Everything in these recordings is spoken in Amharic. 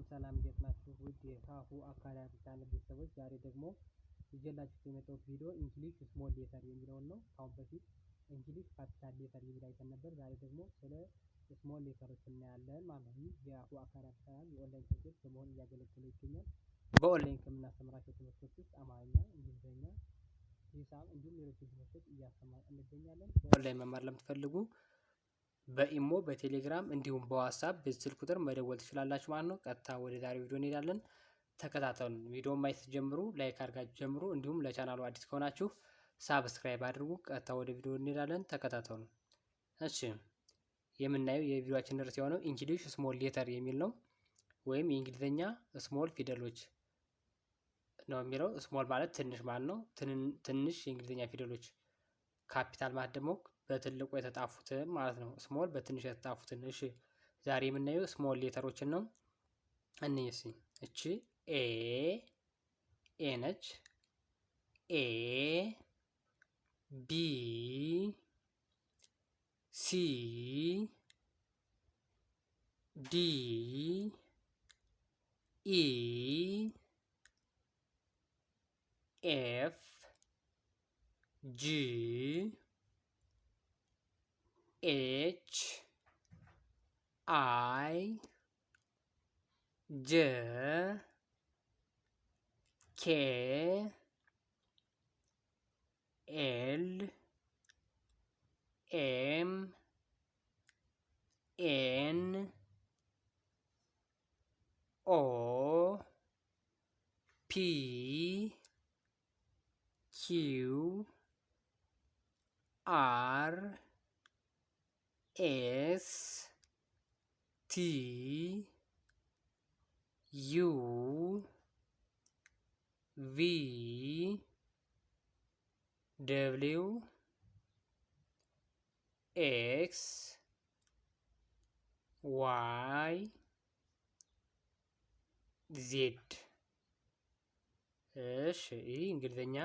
ሰላም ሰላም እንዴት ናችሁ ውድ የካሁ አካዳሚ ቻናል ቤተሰቦች ዛሬ ደግሞ ይዤላችሁ የመጣሁት ቪዲዮ እንግሊሽ ስሞል ሌተር የሚለውን ነው። ካሁን በፊት እንግሊሽ ካፒታል ሌተር የሚል አይተን ነበር። ዛሬ ደግሞ ስለ ስሞል ሌተሮች እናያለን ማለት ነው። የያሁ አካዳሚ ቻናል የኦንላይን ትምህርቶች በመሆን እያገለገለ ይገኛል። በኦንላይን ከምናስተምራቸው ትምህርቶች ውስጥ አማርኛ፣ እንግሊዝኛ፣ ሂሳብ እንዲሁም ሌሎችን ትምህርቶች እያስተማር እንገኛለን። በኦንላይን መማር ለምትፈልጉ በኢሞ በቴሌግራም እንዲሁም በዋትሳፕ በዚህ ቁጥር መደወል ትችላላችሁ ማለት ነው። ቀጥታ ወደ ዛሬው ቪዲዮ እንሄዳለን። ተከታተሉ። ቪዲዮ ማየት ጀምሩ፣ ላይክ አድርጋችሁ ጀምሩ። እንዲሁም ለቻናሉ አዲስ ከሆናችሁ ሳብስክራይብ አድርጉ። ቀጥታ ወደ ቪዲዮ እንሄዳለን። ተከታተሉ። እሺ፣ የምናየው የቪዲዮችን ርዕስ የሆነው እንግሊሽ ስሞል ሌተር የሚል ነው፣ ወይም የእንግሊዝኛ ስሞል ፊደሎች ነው የሚለው። ስሞል ማለት ትንሽ ማለት ነው፣ ትንሽ የእንግሊዝኛ ፊደሎች። ካፒታል ማለት ደግሞ በትልቁ የተጣፉትን ማለት ነው። ስሞል በትንሽ የተጣፉትን። እሺ ዛሬ የምናየው ስሞል ሌተሮችን ነው። እንይ እስኪ እቺ ኤ ኤ ነች። ኤ ቢ ሲ ዲ ኢ ኤፍ ጂ H I J K L M N O P Q R ኤስ ቲ ዩ ቪ ደብሊው ኤክስ ዋይ ዜድ። እሺ ይህ እንግሊዝኛ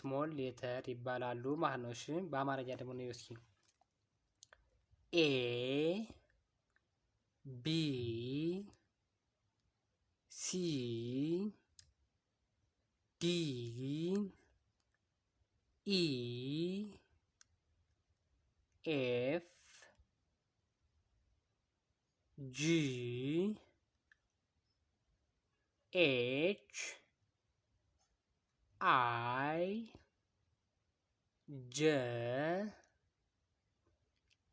ስሞል ሌተር ይባላሉ ማለት ነው። እሺ በአማርኛ ደግሞ ነው እስኪ A B C D E F G H I J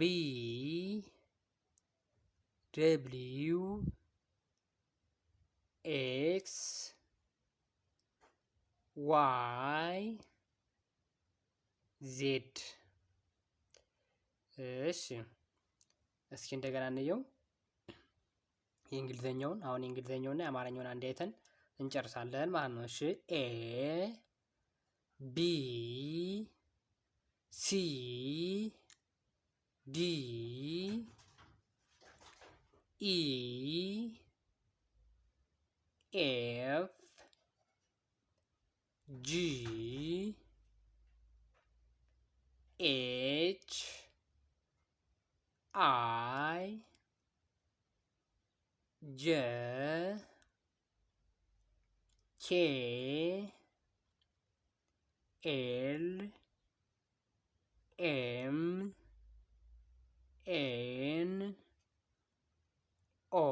ቪ ደብልዩ ኤክስ ዋይ ዜድ። እሺ እስኪ እንደገና እንየው የእንግሊዘኛውን። አሁን የእንግሊዘኛውና የአማርኛውን አንድ አይተን እንጨርሳለን ማለት ነው። እሺ ኤ ቢ ሲ D E F G H I J K L M ኤን ኦ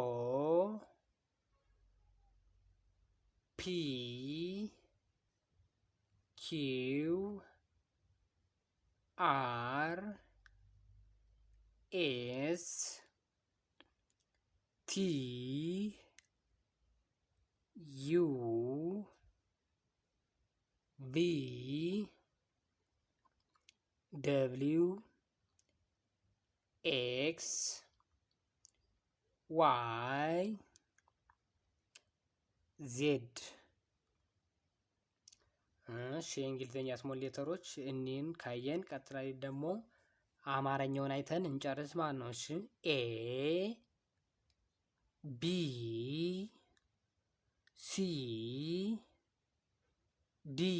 ፒ ኪው አር ኤስ ቲ ዩ ቪ ደብሊው x y z እሺ የእንግሊዝኛ ስሞል ሌተሮች እኒን ካየን ቀጥላይ ደግሞ አማርኛውን አይተን እንጨርስ ማለት ነው። እሺ ኤ ቢ ሲ ዲ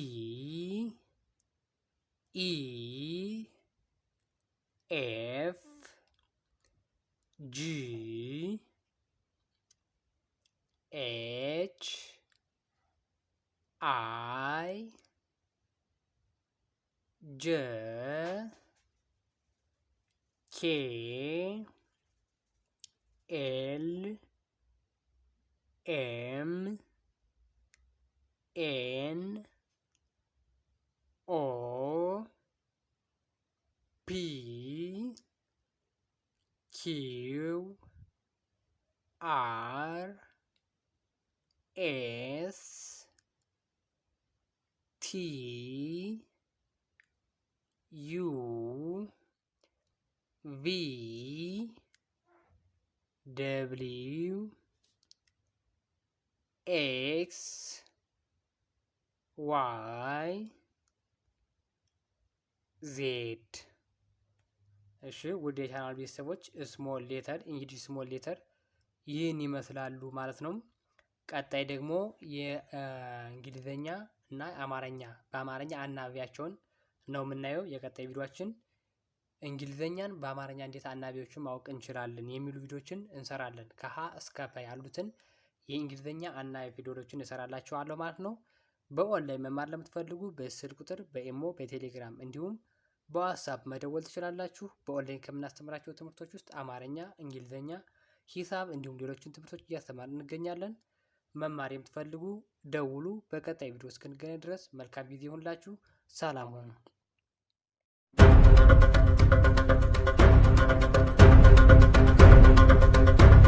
ኢ ኤ G H I J K L M N O P Q ቲ ዩ ቪ ደብሊው ኤክስ ዋይ ዜድ። እሺ ውድ የቻናል ቤተሰቦች ስሞል ሌተር እንግዲህ ስሞል ሌተር ይህን ይመስላሉ ማለት ነው። ቀጣይ ደግሞ የእንግሊዘኛ እና አማርኛ በአማርኛ አናባቢያቸውን ነው የምናየው። የቀጣይ ቪዲዮችን እንግሊዘኛን በአማርኛ እንዴት አናቢዎችን ማወቅ እንችላለን የሚሉ ቪዲዮችን እንሰራለን። ከሀ እስከ ፐ ያሉትን የእንግሊዘኛ አናቢ ፊደሎችን እሰራላችኋለሁ ማለት ነው። በኦንላይን መማር ለምትፈልጉ በስልክ ቁጥር በኢሞ በቴሌግራም እንዲሁም በዋትሳፕ መደወል ትችላላችሁ። በኦንላይን ከምናስተምራቸው ትምህርቶች ውስጥ አማርኛ፣ እንግሊዘኛ፣ ሂሳብ እንዲሁም ሌሎችን ትምህርቶች እያስተማር እንገኛለን። መማር የምትፈልጉ ደውሉ። በቀጣይ ቪዲዮ እስክንገናኝ ድረስ መልካም ጊዜ ይሁንላችሁ። ሰላም ሁኑ።